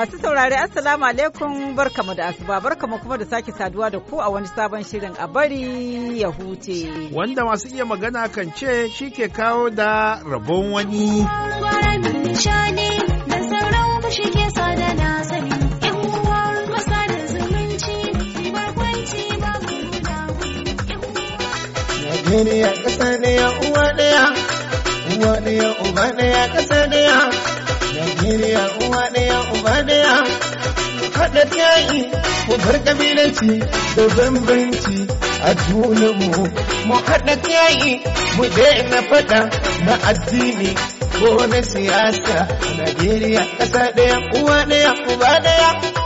Masu saurari Assalamu alaikum barkamu da asuba barkamu kuma da sake saduwa da ku a wani sabon shirin a bari ya huce. Wanda masu iya magana kan ce shi ke kawo da rabon wani. Nigeria ƙasa ne ya uwa ɗaya, uwa ɗaya uba ɗaya ƙasa ɗaya. Najeriya uwa ɗaya uba ɗaya. Haɗa yayi mu bar ƙabilanci da bambanci a junanmu. Mu haɗa yayi mu daina faɗa na addini ko na siyasa. Najeriya ƙasa ɗaya uwa ɗaya uba ɗaya.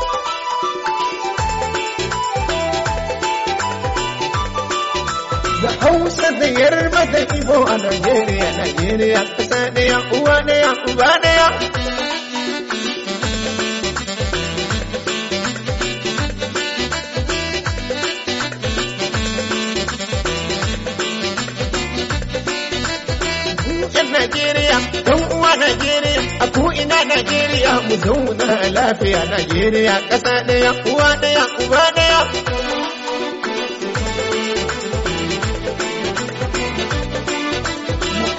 da hausa da yarba da ibo a Najeriya, Najeriya ƙasa ɗaya, uwa ɗaya, uba ɗaya. Najeriya, dan uwa Najeriya, a ko ina Najeriya mu zauna lafiya Najeriya ƙasa ɗaya, uwa ɗaya, uba ɗaya.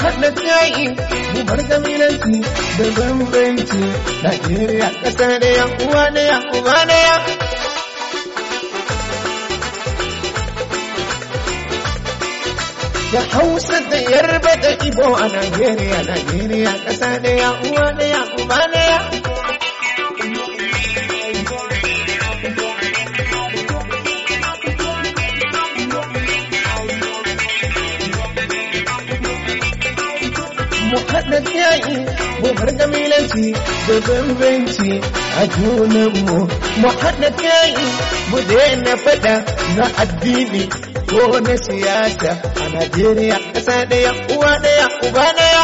haɗa tsayi mu bar gamilanci da bambanci Najeriya ƙasa ɗaya uwa ɗaya uba ɗaya. da hausa da yarba da ibo a Najeriya, Najeriya kasa da ya uwa da ya kuma da ya. Mu mu bar gamilanci da bambanci a junanmu. Mu haɗa yayi, mu daina faɗa na addini ko na siyasa. a Najeriya ƙasa ɗaya uwa ɗaya uba ɗaya.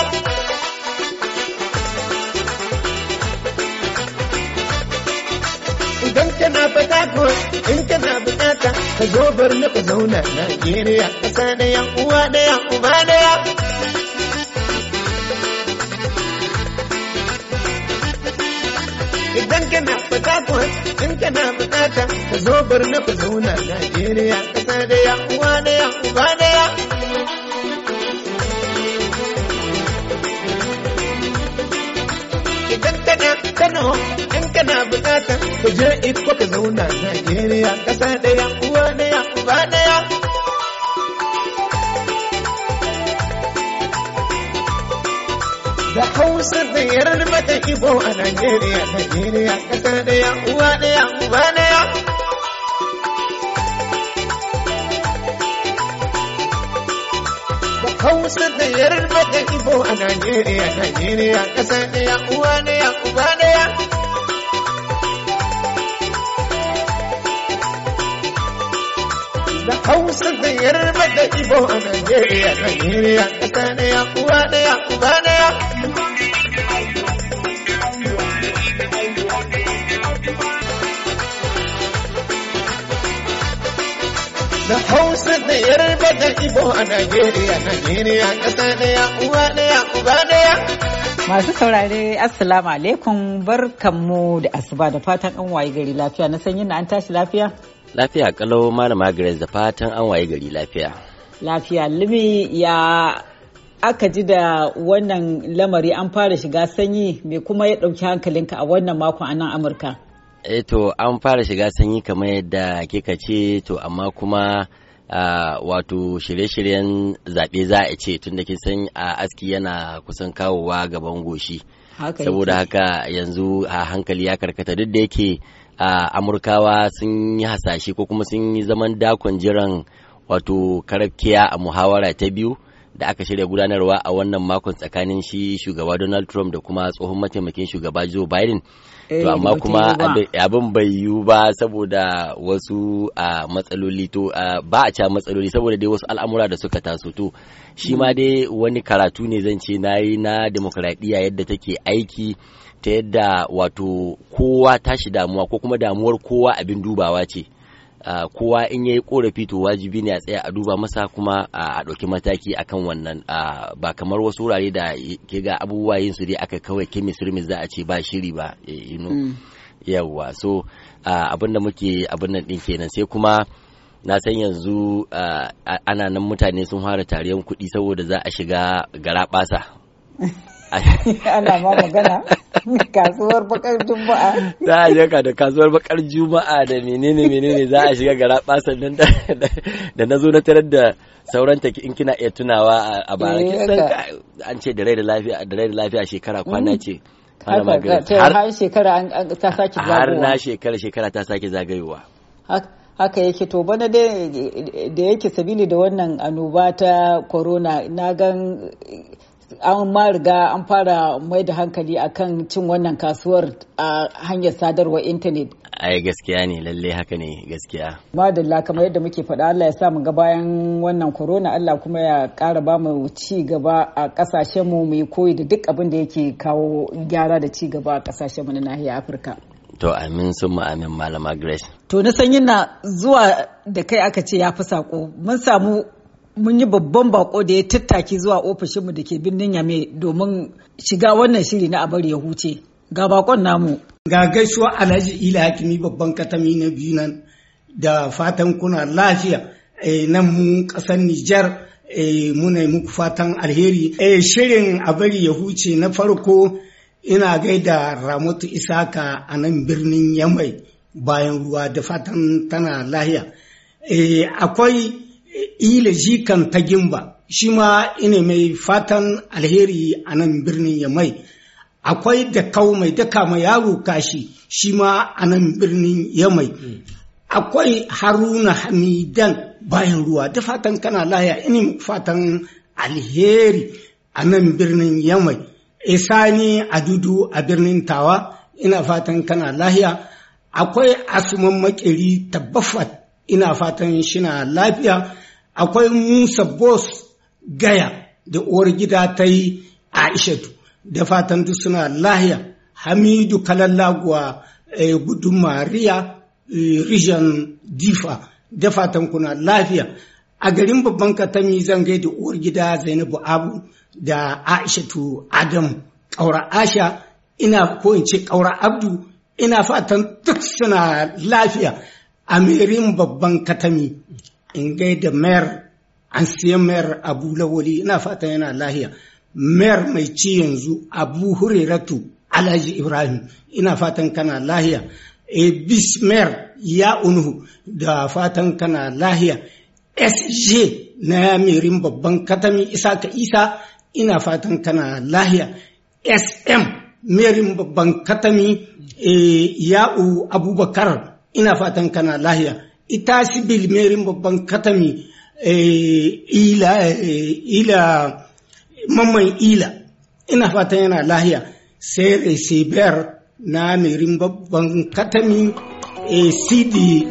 Idan kana fata ko in kana bukata ka zo bar na ku zauna Najeriya ƙasa ɗaya uwa ɗaya uba ɗaya. Idan kana fata ko in kana bukata ka zo bar na ku zauna Najeriya sai da uwa uba idan kana kano kana bukata ku je iko ka zauna Najeriya kasa da uwa ɗaya uba ɗaya. da hausa da yarar mata ibo a Najeriya Najeriya kasa ɗaya uwa ɗaya uba ɗaya. Hausa da Yarba da Ibo a Najeriya, Najeriya ƙasa ɗaya, uwa ɗaya, uba ya. Da Hausa da Yarba da Ibo a Najeriya, Najeriya ƙasa ɗaya, uwa ɗaya, uba ya. Hausa da Yarba da Ibo a Najeriya, Najeriya ƙasa ɗaya, uwa ɗaya, uba ɗaya. Masu saurare Assalamu alaikum barkanmu da asuba da fatan an waye gari lafiya na sanyin na an tashi lafiya? Lafiya kalau malama Grace da fatan an waye gari lafiya. Lafiya limi ya aka ji da wannan lamari an fara shiga sanyi me kuma ya ɗauki hankalinka a wannan makon a nan Amurka? E to an fara shiga sanyi kamar yadda kika ce to amma kuma wato shirye-shiryen zaɓe za a ce tun da san a aski yana kusan kawowa gaban goshi saboda haka yanzu a hankali ya karkata duk da yake amurkawa sun yi hasashe ko kuma sun yi zaman dakon jiran wato karafkiya a muhawara ta biyu da aka shirya gudanarwa a wannan makon tsakanin shi shugaba Donald Trump da kuma tsohon mataimakin shugaba Joe Biden to eh, amma kuma abin bai yiwu ba saboda wasu a matsaloli to ba a ca matsaloli saboda dai wasu al'amura da suka taso to shi ma hmm. dai wani karatu ne zan ce na yi na demokradiyya yadda take aiki ta yadda wato kowa tashi damuwa ko kuma damuwar kowa abin dubawa ce. kowa in yayi korafi to wajibi ne a tsaya a duba masa kuma a ɗauki mataki akan wannan ba kamar wasu wurare da ke ga abubuwa yin su dai aka kawai kemis za a ce ba shiri ba eh, mm. yawwa so abinda muke abin nan din kenan sai kuma na san yanzu ana nan mutane sun fara tariyan kuɗi saboda za a shiga garaɓasa ana ma magana kasuwar bakar juma'a za a yanka da kasuwar bakar juma'a da menene menene za a shiga gara basan nan da na zo na tarar da sauran taki in kina iya tunawa a bara eh, an ce da rai da lafiya da rai da lafiya shekara kwana mm. ce har shekara ta sake zagayowa har na shekara shekara ta sake zagayowa haka yake to bana da yake sabili da wannan annoba ta corona na gan an ma riga an fara mai da hankali akan cin wannan kasuwar a hanyar sadarwar intanet ai gaskiya ne lalle haka ne gaskiya madalla kamar yadda muke faɗa Allah ya sa mu ga bayan wannan corona Allah kuma ya ƙara ba mu ci gaba a ƙasashen mu mai koyi da duk abin da yake kawo gyara da ci gaba a ƙasashen mu na nahiyar Afirka to amin sun mu amin malama Grace to na san na zuwa da kai aka ce ya fi sako mun samu mun yi babban bako da ya tattaki zuwa ofishinmu da ke birnin yame domin shiga wannan shiri na abar ya huce ga bakon namu ga gaisuwa alhaji ila hakimi babban katami na biyu nan da fatan kuna lafiya eh, nan mu kasar nijar eh, muna muku fatan alheri eh, shirin abar ya huce na farko ina gaida ramatu isaka a nan birnin yamai bayan ruwa da fatan tana lahiya akwai ila kan ta gimba shi ma ina mai fatan alheri a nan birnin mai. akwai da kau mai daka mai yaro kashi shi ma a nan birnin mai. akwai haruna hamidan bayan ruwa da fatan kana laya ina fatan alheri a nan birnin mai. isani adudu a birnin tawa ina fatan kana lahiya akwai asuman makeri tabbafat ina fatan shina lafiya akwai musa bos gaya da uwar gida ta yi aishatu da fatan duk suna lahiya hamidu kalallaguwa eh, gudun mariya eh, Rijan difa da fatan kuna lafiya a garin babban katami zangai da uwar gida zainabu abu da aishatu adam ƙaura asha ina ko in ce ƙaura abdu ina fatan duk suna lafiya amirin babban katami in gaida mayar an siya mayar abu lawali ina fata yana lahiya mayar mai ci yanzu abu hurairatu alhaji ibrahim ina fatan kana lahiya e eh, mayar ya unuhu da fatan kana lahiya sj na yamirin babban katami isaka isa ina fatan kana lahiya sm merin babban katami eh, ya'u abubakar ina fatan kana lahiya ita shi bilmerin babban katami eh, ila eh, ila mamman ila ina fatan yana lahiya sai receiver na merin babban katami eh, sidi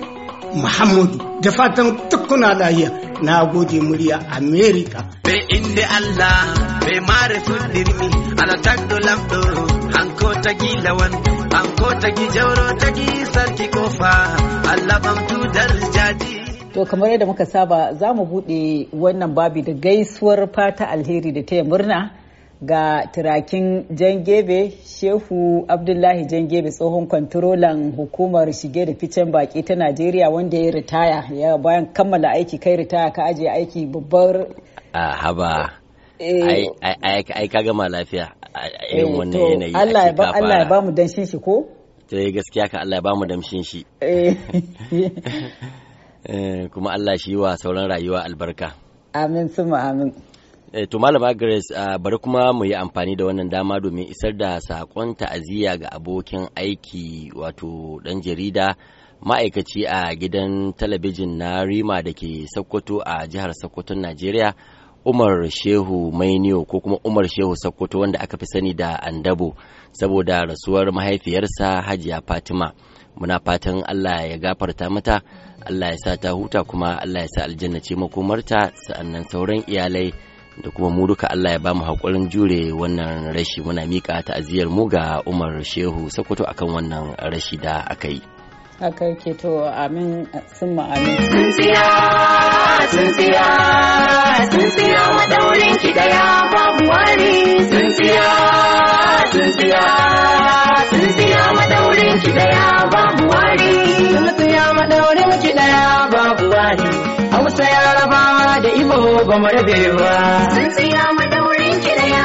muhammadu da fatan tukuna lahiya na gode murya america be inda allah mara mare fuldirmi ala tagdo lamdo hanko tagi lawan jauro sarki kofa Allah To kamar yadda muka saba za mu buɗe wannan babi da gaisuwar fata alheri da taya murna ga turakin jangebe shehu abdullahi jangebe tsohon kwantarolan hukumar shige da ficen baki ta najeriya wanda ya ritaya ya bayan kammala aiki kai ritaya ka ajiye aiki babbar a haba eh. ai kaga ma lafiya irin eh, wannan yanayi Allah ya ba mu danshin shi ko ta yi gaskiya ka Allah ba damshin shi eh. Eh, kuma Allah shi wa sauran rayuwa albarka amin suma amin eh, to malama grace ah, bari kuma mu yi amfani da wannan dama domin isar da sakon ta'aziyya ga abokin aiki wato dan jarida ma'aikaci a gidan talabijin na rima da ke sokoto a jihar sokoton najeriya Umar Shehu Mainiyo ko kuma Umar Shehu Sakkwato wanda aka fi sani da Andabo saboda rasuwar mahaifiyarsa Hajiya Fatima. Muna fatan Allah ya gafarta mata, Allah ya sa ta huta kuma Allah ya sa aljanna ce makomarta sa'annan sauran iyalai da kuma mu duka Allah ya ba mu haƙurin jure wannan rashi muna miƙa ta'aziyar mu ga Umar Shehu Sakkwato akan wannan rashi da aka yi. haka ke to amin sun amin tsintsiya tsintsiya tsintsiya madaurin ki daya babu wani tsintsiya tsintsiya tsintsiya madaurin ki daya babu wani tsintsiya madaurin ki daya babu wani hausa ya raba da ibo ba mu rabe ba tsintsiya madaurin ki daya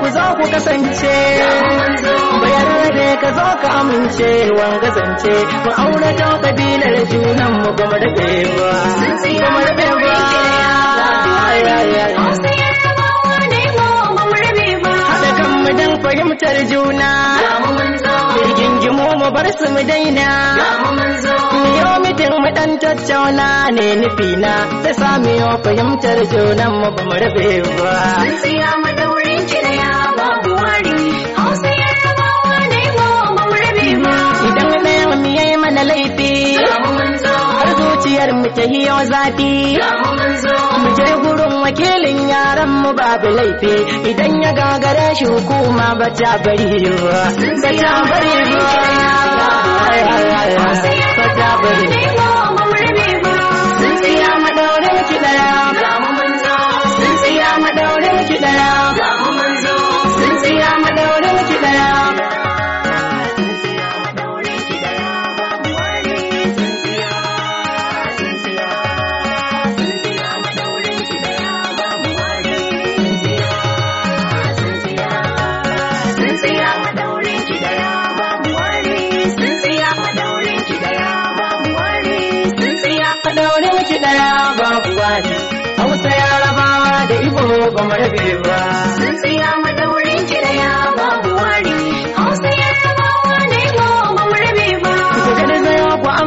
ku zo ku kasance bayarbe ka zo ka amince wanga zance mu aure ta kabilar junan mu ba mu ba ba mu kan mu dan fahimtar juna rigingimu mu bar su mu daina yau mitin mu dan tattauna ne nufi na ta sami fahimtar junan mu ba mu rabe ba kar mu ta hiyo zafi mu gurin wakilin yaran mu babu laifi idan ya gagare shi hukuma ba ta bari ba ba ta bari ba sun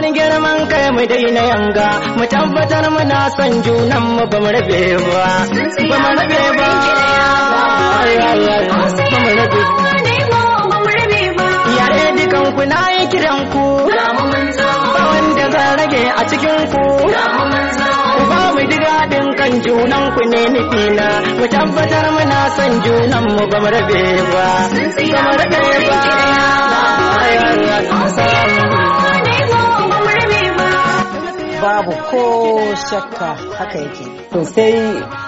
wani girman kai mu daina yanga mu tabbatar muna son junan mu ba mu rabe ba ba mu rabe ba ba mu rabe yare dukan ku na yi kiran ku ba wanda zan rage a cikin ku ku ba mu digadin kan junan ku ne nufi na mu tabbatar muna son junan mu ba mu rabe ba ba mu rabe ba babu ko shakka haka yake. To sai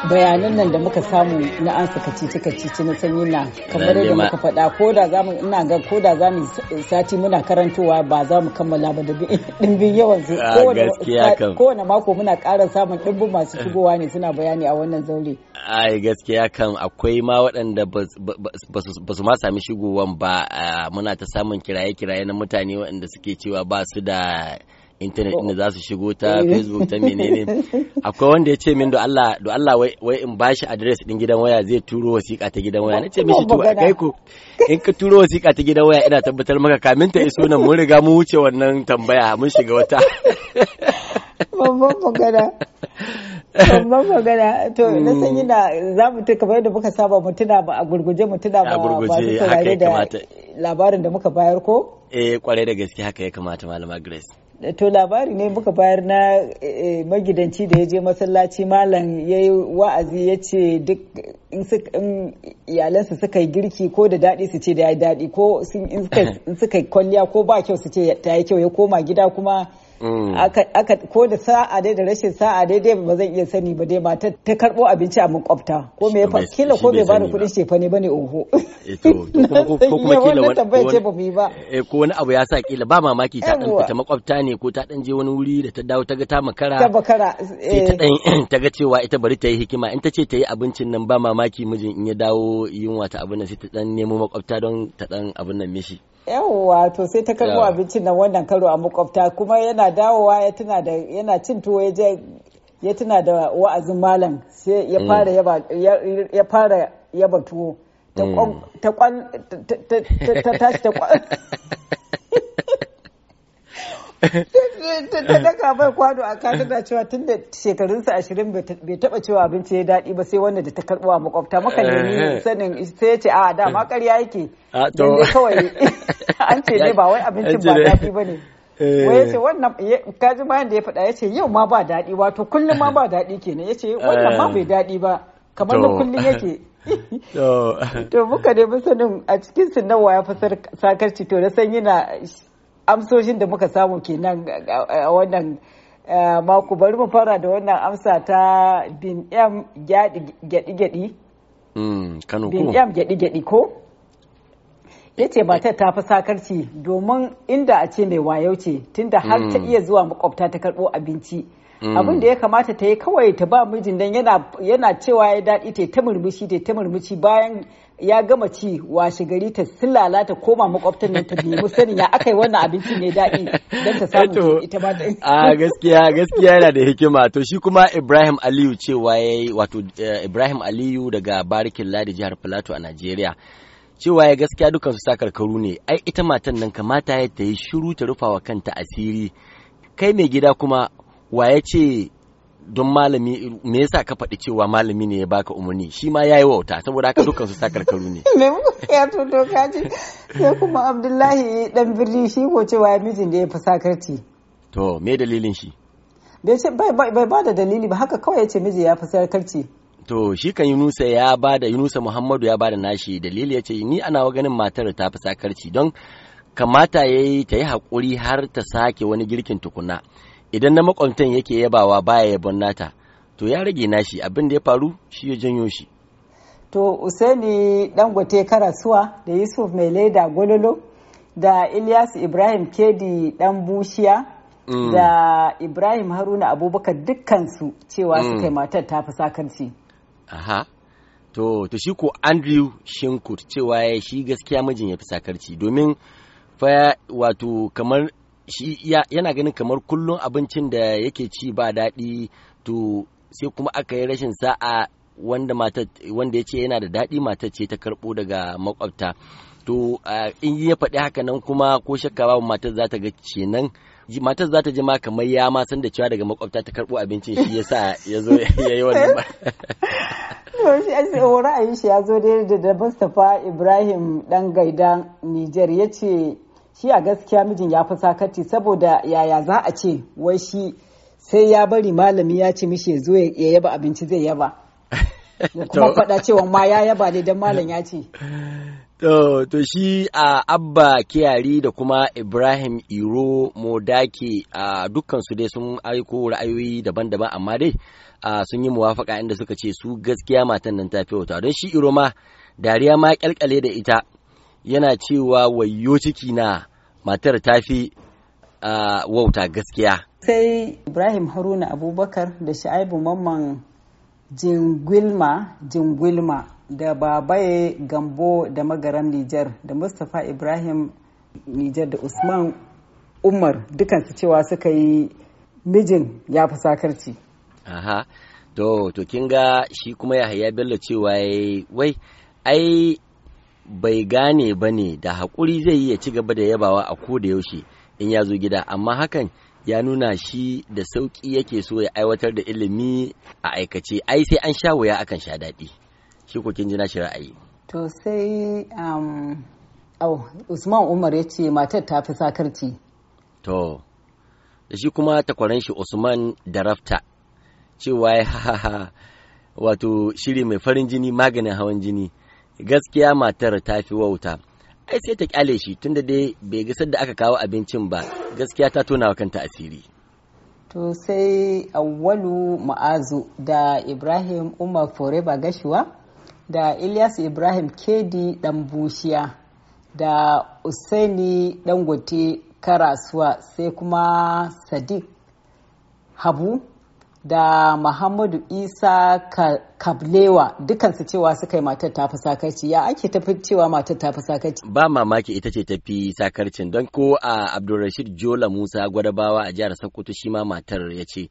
bayanan nan da muka samu na an suka cici kacici na sanyi na kamar yadda muka faɗa ko da za mu ina ga ko da za mu sati muna karantowa ba za mu kammala ba da dimbin yawan su wani mako muna ƙara samun dimbin masu eh. shigowa ne suna bayani a wannan zaure. Ai gaskiya kan akwai ma waɗanda ba su ma sami shigowan ba ah, muna ta samun kiraye-kiraye na mutane waɗanda suke cewa ba su da intanet oh. inda za su shigo ta facebook ta menene akwai wanda ya ce min do Allah do Allah wai in bashi address din gidan waya zai turo wasiƙa ta gidan waya nace mishi to kai ko in ka turo wasiƙa ta gidan waya ina tabbatar maka kamin ta iso nan mun riga mun wuce wannan tambaya mun shiga wata babban magana babban magana to na san yana mm. za mu ta kamar yadda muka saba mu tuna ba a gurguje mu tuna ba masu saurare da labarin da muka bayar ko eh kwarai da gaske haka ya kamata malama grace to labari ne muka bayar na eh, eh, magidanci da ya je masallaci malam ya yi wa'azi ya ce duk in iyalansa suka yi girki ko da daɗi su ce da ya daɗi ko in suka yi kwalliya ko ba kyau su ce ta yi kyau ya koma gida kuma Mm. aka ko da sa'a dai da rashin sa'a dai dai ba zan iya sani ba dai matar ta karbo abinci a makwabta ko me ya kila ko bai bani kudin shefa ne bane oho eh, ko kuma kila wani eh, eh, ko wani abu ya sa kila ba mamaki ta dan fita makwabta ne ko ta dan je wani wuri da ta dawo ta ga ta makara ta makara ta dan ta ga cewa ita bari ta yi hikima in ta ce ta yi abincin nan ba mamaki mijin in ya dawo yunwa ta abin nan sai ta dan nemo makwabta don ta dan abin nan mishi yawwa to sai ta karbo abincin nan wannan karo a makwabta kuma yana dawowa yana cin tuwo ya je ya tuna da wa'azin malam sai ya mm. fara yaba ya fara yaba tuwo ta mm. tashi ta da ka bai kwado a kata na cewa tun da shekarunsa ashirin bai taba cewa abinci ya daɗi ba sai wanda da ta karɓuwa makwabta maka ni sanin sai ya ce a da ma ƙarya yake to kawai an ce ne ba wai abincin ba daɗi ba ne wai ya ce wannan kaji bayan da ya faɗa ya ce yau ma ba daɗi wato kullum ma ba daɗi kenan ya ce wannan ma bai daɗi ba kamar na kullum yake to muka ne sanin a cikin wa ya fasar sakarci to na san yana amsoshin da muka samu kenan a wannan mako bari mu fara da wannan amsa ta bin yam gyaɗi-gyaɗi hmm, kano ko bin yam gyaɗi-gyaɗi ko ya ce matar ta fi sakarci domin inda a ce mai wayo ce tunda har ta hmm. iya zuwa makwabta ta karɓo abinci hmm. abin da ya kamata ta yi kawai ta ba mijin dan yana cewa ya daɗi ta ta murmushi ta ta murmushi bayan ya gama ci washe gari ta silala ta koma makwabtan nan ta nemi sanin ya aka yi wannan abinci ne daɗi don ta samu ita ba ta a gaskiya gaskiya yana da hikima to shi kuma Ibrahim Aliyu cewa yayi wato eh, Ibrahim Aliyu daga Barikin Ladi jihar Plateau a Najeriya cewa ya gaskiya dukansu sa karkaru ne ai ita matan nan kamata ya ta yi shiru ta rufawa kanta asiri kai mai gida kuma wa ya ce don malami me yasa ka faɗi cewa malami ne ya baka umarni shi ma yayi wauta saboda haka dukkan su sakarkaru ne me ya to to kaji sai kuma Abdullahi dan birni shi ko cewa mijin da ya fi sakarci to me dalilin shi bai bai ba da dalili ba haka kawai yace miji ya fi sakarci to shi kan Yunusa ya da Yunusa Muhammadu ya ba da nashi dalili yace ni ana wa ganin matar ta fi sakarci don kamata yayi ta yi haƙuri har ta sake wani girkin tukuna idan na makwabtan yake yabawa baya yabon nata to ya rage nashi abin da ya faru shi ya janyo shi to usaini dangote karasuwa da yusuf mai leda gololo da ilyas ibrahim kedi dan bushiya mm. da ibrahim haruna abubakar dukkansu cewa mm. suka matar ta fi sakarci aha to to shi ko andrew shinkut cewa ya shi gaskiya mijin ya fi sakarci domin fa wato kamar shi yana ganin kamar kullum abincin da yake ci ba daɗi to sai kuma aka yi rashin sa'a wanda wanda ya ce yana da daɗi matar ce ta karɓo daga makwabta to in ya faɗi haka nan kuma ko shakka babu matar za ta ga kenan matar za ta ji ma kamar ya ma san da cewa daga makwabta ta karɓo abincin shi yasa ya zo ya yi wannan ba oh, ra'ayin shi ya zo da da Mustapha Ibrahim Ɗan gaidan Nijar ya ce shi a gaskiya mijin ya fi sakati saboda yaya za a ce wai shi sai ya bari malami ya ce mishi zo ya yaba abinci zai yaba kuma faɗa cewa ma ya yaba ne don malam ya ce To, shi a Abba Kiyari da kuma Ibrahim Iro Modaki a dukkan su dai sun aiko ra'ayoyi daban-daban amma dai sun yi muwafaka inda suka ce su gaskiya matan nan ta fi wata don shi Iro ma dariya ma kyalkale da ita yana cewa wayo ciki na matar ta fi wauta gaskiya sai ibrahim haruna abubakar da sha'ibu mamman jingilma jingilma da babaye gambo da magaran nijar da mustapha ibrahim nijar da usman umar dukansu cewa suka yi mijin ya fi sakarci aha to to kinga shi kuma yahaya bello cewa wai ai bai gane ba ne da haƙuri zai yi ya ci gaba da yabawa a ko da yaushe in ya zo gida amma hakan ya nuna shi da sauƙi yake so ya aiwatar da ilimi a aikace ai sai an sha wuya akan sha daɗi shi ko kin ji na shi ra'ayi to sai um, oh, usman umar ya ce matar ta fi sakarci to da shi kuma takwaran shi usman da rafta cewa ha ha wato shiri mai farin jini maganin hawan jini gaskiya matar ta fi wauta ai sai ta kyale shi tunda dai bai ga da aka kawo abincin ba gaskiya ta tona wa kanta asiri to sai awwalu ma'azu da ibrahim umar forever gashuwa da ilyas ibrahim kedi dan bushiya da usaini dangote karasuwa sai kuma sadiq habu da Muhammadu Isa Kablewa dukansu cewa suka yi matar tafi sakarci ya ake tafi cewa matar tafi sakarci. Ba mamaki ita ce tafi sakarcin don ko a Abdulrashid Jola Musa Gwadabawa a jihar Sokoto shi ma matar ya ce.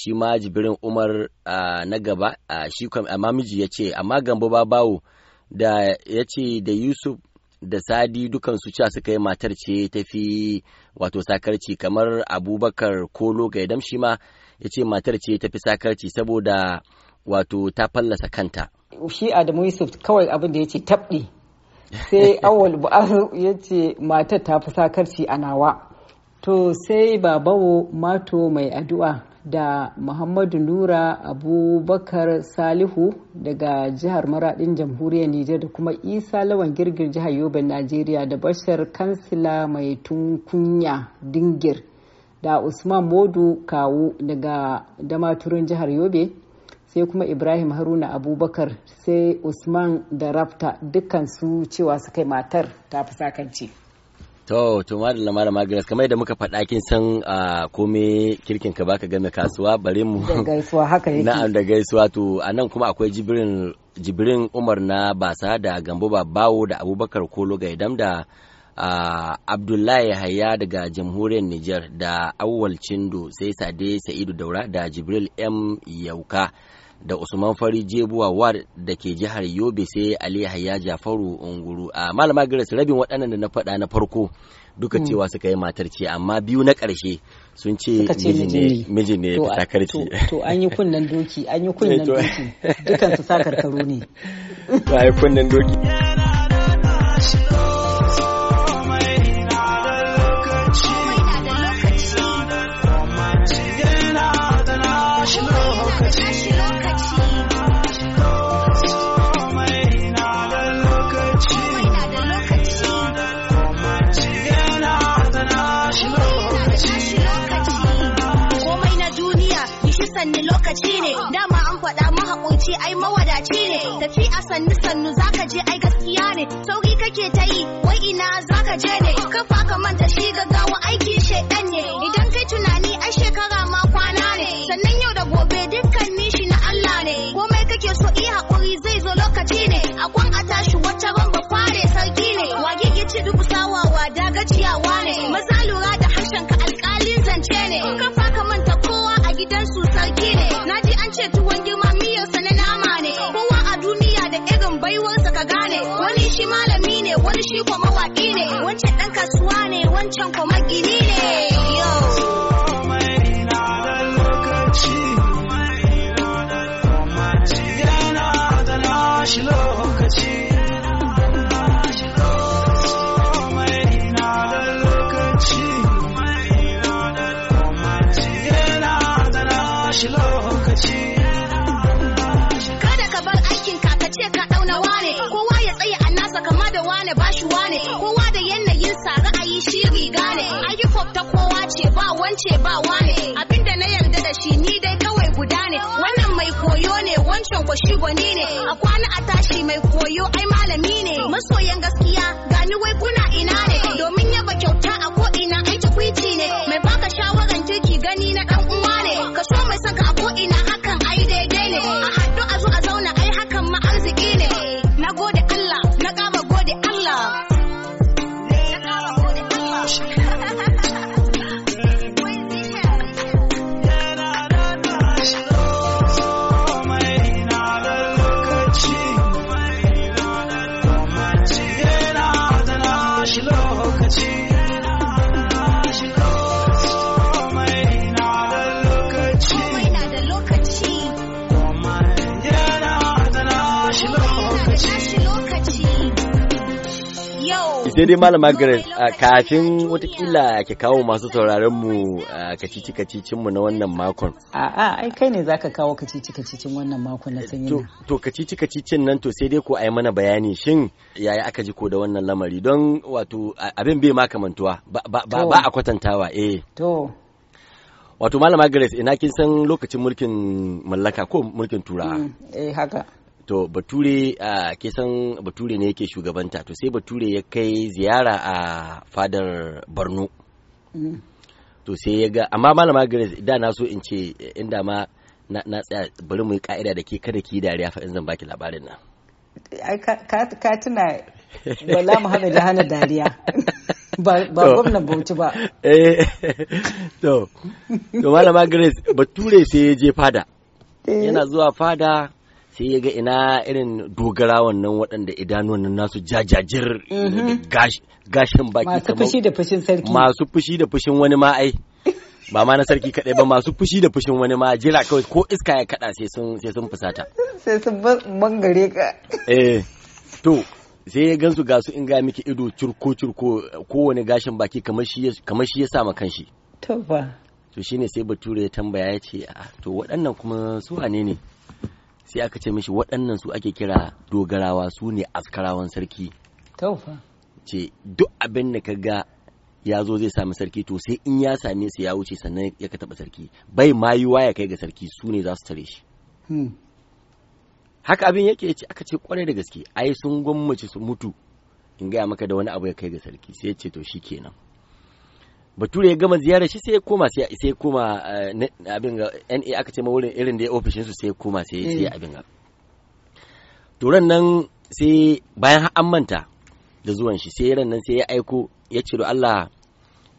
shi ma jibirin umar na gaba uh, amma miji ya ce amma gambo ba bawo da ya ce da yusuf da sadi dukansu cewa suka yi matar ce tafi wato sakarci kamar abubakar kolo ga idam shi ma ya ce matar ce ta fi sakarci saboda wato ta fallasa kanta shi adamu yusuf kawai abin da ya ce tabɗi sai awal bu'azu ya ce matar ta fi sakarci a nawa to sai babawo mato mai addu'a da muhammadu nura abubakar salihu daga jihar maradin jamhuriyar nijar da kuma isa lawan girgir jihar yobe najeriya da bashar kansila mai tunkunya dingir da usman modu kawu daga damaturin jihar yobe sai kuma ibrahim haruna abubakar sai usman da rafta su cewa su kai matar ta fi sakance to to malama malama grace kamar da muka faɗa kin san kome kirkin ka baka gane kasuwa bare mu da gaisuwa haka yake na'am da gaisuwa to anan kuma akwai jibrin jibrin umar na basa da gambo babawo da abubakar kolo gaidam da uh, abdullahi hayya daga jamhuriyar niger da awwal cindo sai sade sa'idu daura da jibril m yauka da usman fari jebuwa ward da ke jihar yobe sai ali hayya jafaru unguru a uh, malama grace rabin waɗannan da na faɗa na farko duka mm. cewa suka yi matar ce amma biyu na ƙarshe sun ce miji ne ta karci to an yi kunnen doki an yi kunnen doki dukansu karkaro ne ba yi kunnen doki sanni lokaci ne dama an faɗa mahaƙoci ai mawadaci ne tafi a sannu sannu zaka je ai gaskiya ne sauki kake ta yi wai ina zaka je ne kafa ka manta shi gaggawa aiki shaidan ne idan kai tunani ai shekara ma kwana ne sannan yau da gobe dukkan shi na Allah ne komai kake so yi haƙuri zai zo lokaci ne a kwan a tashi wata ban ba kware sarki ne wage ya ce duk sawawa dagaciyawa ne maza lura da harshen ka alkalin zance ne shi malami ne wani shi kuma mawaƙi ne wancan ɗan kasuwa ne wancan kuma gini ne yau wance ba wane abinda na yarda da shi ni dai kawai guda ne wannan mai koyo ne wancan kwashi gwani ne a kwana a tashi mai koyo ai malami ne masoyan gaskiya sai dai malama Grace kafin watakila ke kawo masu sauraron mu kacici kacicin mu na wannan makon. A'a ai kai ne zaka kawo kacici kacicin wannan makon na eh, sanyi. To kacici kacicin nan to sai dai ko ai mana bayani shin yaya aka ji ko da wannan lamari don wato abin bai ma kamantuwa ba a kwatantawa eh. To Wato malama Grace ina kin san lokacin mulkin mallaka ko mulkin turawa. Mm, eh haka. to bature a kesan bature ne yake shugabanta to sai bature ya kai ziyara a fadar borno mm. to sai ya ga amma malama grace da na so in ce inda ma na tsaya bari mu yi ka'ida da ke kada ki dariya fa in zan baki labarin nan ai ka tuna bala muhammad ya hana dariya ba gwamnan bauchi ba eh to to malama grace bature sai ya je fada eh. yana zuwa fada sai ya ga ina irin dogara wannan waɗanda idanuwan nan nasu jajajir mhm. gashin baki masu fushi da fushin sarki masu fushi da fushin wani ma ai ba ma na sarki kaɗai ba masu fushi da fushin wani ma jira kawai ko iska ya kaɗa sai sun sai sun fusata sai sun bangare ka eh to sai ya gansu ga su in ga miki ido curko curko kowane gashin baki kamar shi kamar shi ya sa ma kanshi to ba to shine sai bature ya tambaya ya ce ah, to waɗannan kuma su wane ne sai aka ce mishi waɗannan su ake kira dogarawa su ne askarawan sarki ce duk abin da ka ga ya zo zai sami sarki to sai in ya same su ya wuce sannan ya ka taɓa sarki bai ma yi ya kai ga sarki su ne za su tare shi hmm. haka abin yake ce aka ce kwarai da gaske ai sun gwammace su mutu in gaya maka da wani abu ya kai ga sarki sai ya ce to shi kenan bature ya gama ziyarar shi sai ya koma sai ya koma eh, abin ga NA aka ce ma wurin irin da ya ofishin su sai ya koma sai sai eh. abin ga turan nan sai bayan an manta da zuwan shi sai ran nan sai ya aiko ya ce do Allah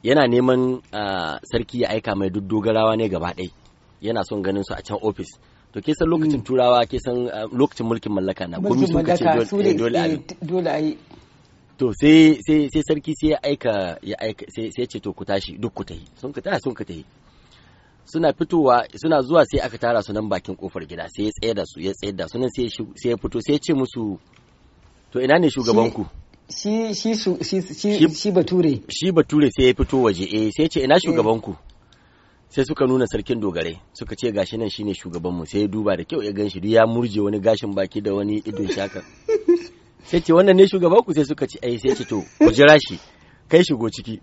yana neman ah, sarki ya aika mai duk dogarawa ne gaba ɗai yana son ganin su a can ofis to ke san lokacin hmm. turawa ke san ah, lokacin mulkin mallaka na komi sun kace eh, dole a yi to sai sai sai sarki sai ya aika ya aika sai sai ce to ku tashi duk ku tahi sun ka tashi sun ka tahi suna fitowa suna zuwa sai aka tara su nan bakin kofar gida sai ya tsaya da su ya tsaya da su nan sai sai ya fito sai ya ce musu to ina ne shugaban ku shi shi shi shi shi bature shi bature sai ya fito waje eh sai ya ce ina eh. shugaban ku sai suka nuna sarkin dogare suka ce gashi nan shine shugabanmu sai ya duba da kyau ya gan shi duk ya murje wani gashin baki da wani idon shaka sai ce wannan ne shugaba ku sai suka ce ai eh, sai ce to ku jira shi kai shigo ciki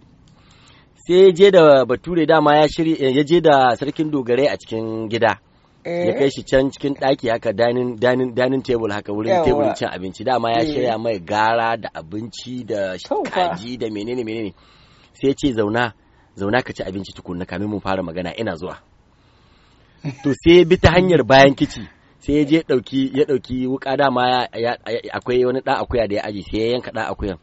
sai je da bature dama ya shirya eh, ya je da sarkin dogare a cikin gida eh. ya kai shi can cikin ɗaki haka danin tebul haka wurin table cin abinci dama ya shirya mai gara da abinci da kaji da menene menene sai ce zauna zauna ka ci abinci tukunna kamin mu fara magana ina zuwa to sai bi ta hanyar bayan kici sai ya je dauki ya dauki wuka dama akwai wani da akuya da ya aji sai ya yanka da akuyan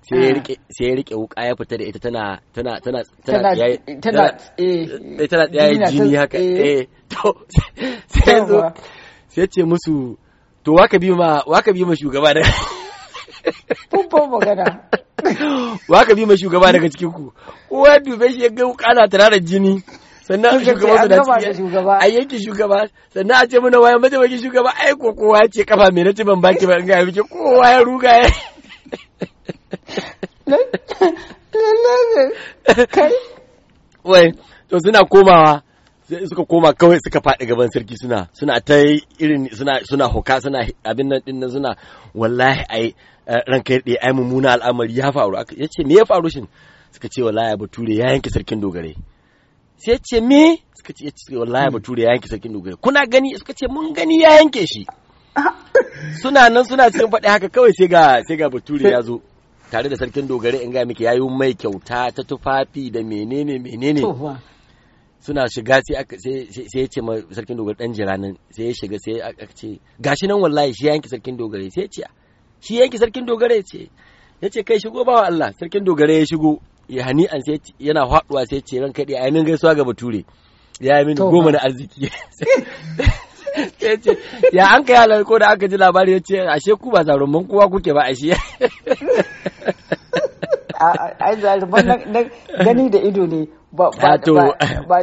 sai ya ah. rike wuka ya fita da ita tana tana tana tana tana tana tana eh, tana jini haka eh, eh to sai zo sai ce musu to waka bi ma waka bi ma shugaba da magana. Waka bi ma shugaba daga cikin ku. Uwa dube shi ya ga wuka na da jini. sannan an shugaba da shugaba a yake shugaba sannan a ce mana waye mataimakin shugaba ai ko kowa ya ce kafa me nace ban baki ba in ga yake kowa ya ruga ya kai wai to suna komawa suka koma kawai suka faɗi gaban sarki suna suna ta irin suna suna hoka suna abin nan din nan suna wallahi ai eh, ranka yadda ai mummuna al'amari ya faru ya ce me ya faru shin suka ce wallahi bature ya yanke sarkin dogare sai ce me suka ce wallahi hmm. bature ya yanke sarkin dogara kuna gani suka ce mun gani ya yanke shi suna nan suna cikin faɗi haka kawai sai ga sai ga bature ya zo tare da sarkin dogara in ga miki yayi mai kyauta ta tufafi da menene menene suna shiga sai aka sai ya ce ma sarkin dogara dan jira nan sai ya shiga sai aka ce gashi nan wallahi shi yanke sarkin dogara sai ya ce shi yanke sarkin dogara ya ce ya ce kai shigo wa Allah sarkin dogara ya shigo ya hani an sai yana faduwa sai ce ran kaɗe ainihin gaisuwa ga bature ya yi mini goma na arziki ya an kai halar ko da aka ji labari ya ce ashe ku ba zarumman kowa kuke ba ashe ai zarumman gani da ido ne ba ah,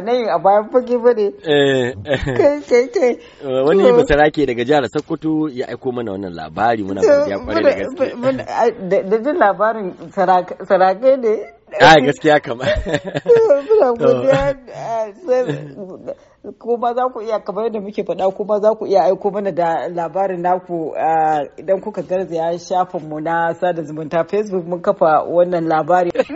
na yin a bayan fage ba ne eh. wani ba ke daga jihar sokoto ya aiko mana wannan labari muna godiya kwarai da gaske da jin labarin sarakai ne a gaskiya kama muna godiya eh, kuma za ku iya kamar yadda muke faɗa ko ma za ku iya aiko mana da labarin naku eh, idan kuka garzaya shafinmu na sada zumunta facebook mun kafa wannan labari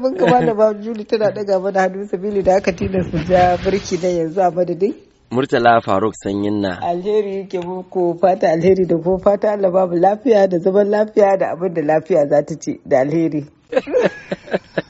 mun kama da ba juli tana daga mana hannu sabili da aka tilasta ja birki na yanzu a madadin Murtala Faruk Sanyin na. Alheri yake ko fata alheri da ko fata Allah babu lafiya da zaman lafiya da abin da lafiya za ta ce da alheri.